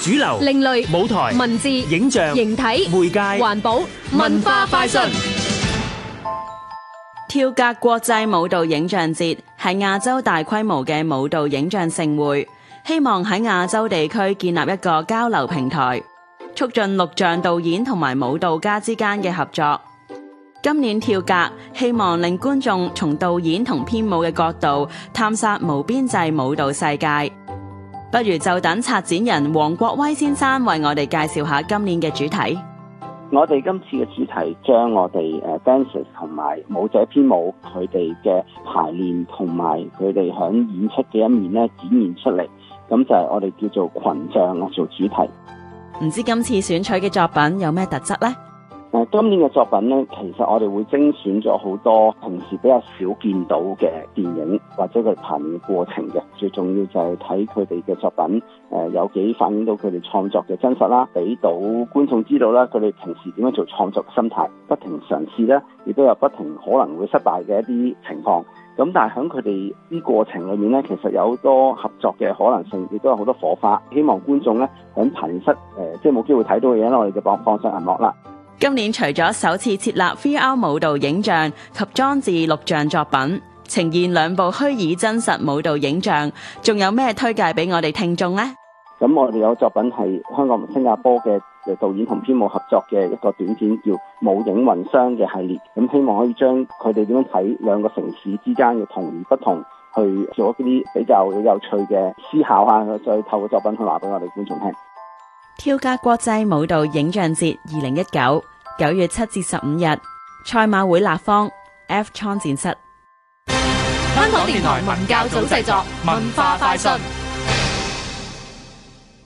主流、另類舞台、文字、影像、形體、媒介、環保、文化、快訊。跳格國際舞蹈影像節係亞洲大規模嘅舞蹈影像盛會，希望喺亞洲地區建立一個交流平台，促進錄像導演同埋舞蹈家之間嘅合作。今年跳格希望令觀眾從導演同編舞嘅角度探索無邊際舞蹈世界。不如就等策展人黃國威先生為我哋介紹下今年嘅主題。我哋今次嘅主題將我哋誒，dancers 同埋舞者編舞佢哋嘅排練同埋佢哋響演出嘅一面咧，展現出嚟。咁就係我哋叫做群像咯，做主題。唔知今次選取嘅作品有咩特質咧？誒、呃、今年嘅作品咧，其實我哋會精選咗好多平時比較少見到嘅電影，或者佢哋排練過程嘅最重要就係睇佢哋嘅作品誒、呃，有幾反映到佢哋創作嘅真實啦，俾到觀眾知道啦，佢哋平時點樣做創作嘅心態，不停嘗試啦，亦都有不停可能會失敗嘅一啲情況。咁但係喺佢哋啲過程裏面咧，其實有好多合作嘅可能性，亦都有好多火花。希望觀眾咧喺排練室誒，即係冇機會睇到嘅嘢我哋就放放上銀幕啦。今年除咗首次設立 VR 舞蹈影像及裝置錄像作品，呈現兩部虛擬真實舞蹈影像，仲有咩推介俾我哋聽眾呢？咁我哋有作品係香港同新加坡嘅導演同編舞合作嘅一個短片，叫《舞影雲雙》嘅系列。咁希望可以將佢哋點樣睇兩個城市之間嘅同與不同，去做一啲比較有趣嘅思考吓，再透過作品去話俾我哋觀眾聽。跳格國際舞蹈影像節二零一九九月七至十五日，賽馬會立方 F 倉展室。香港電台文教組製作，文化快訊。